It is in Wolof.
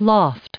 loft